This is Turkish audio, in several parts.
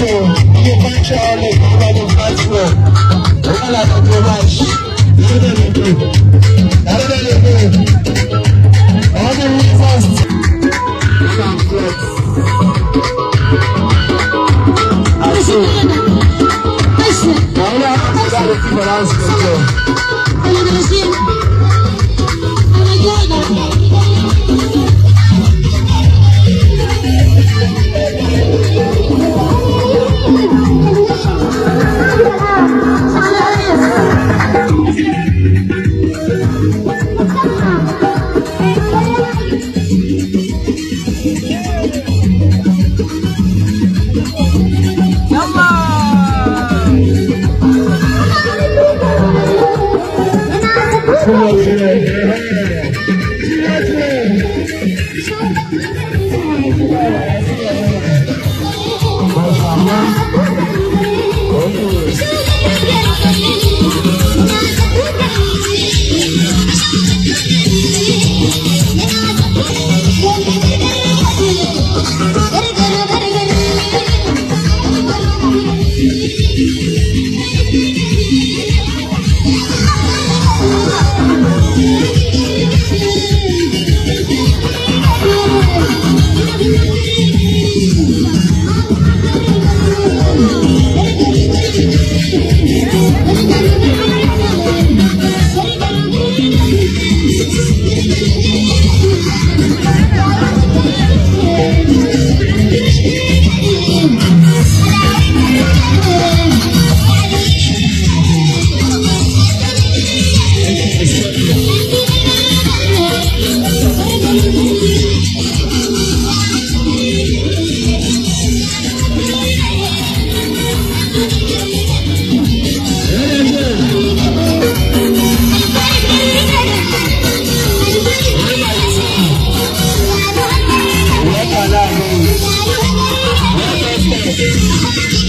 Kaçın, yabancı ağırlık, benim kaçma. Ulan adam kadar bir Come on,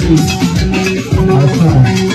I'm will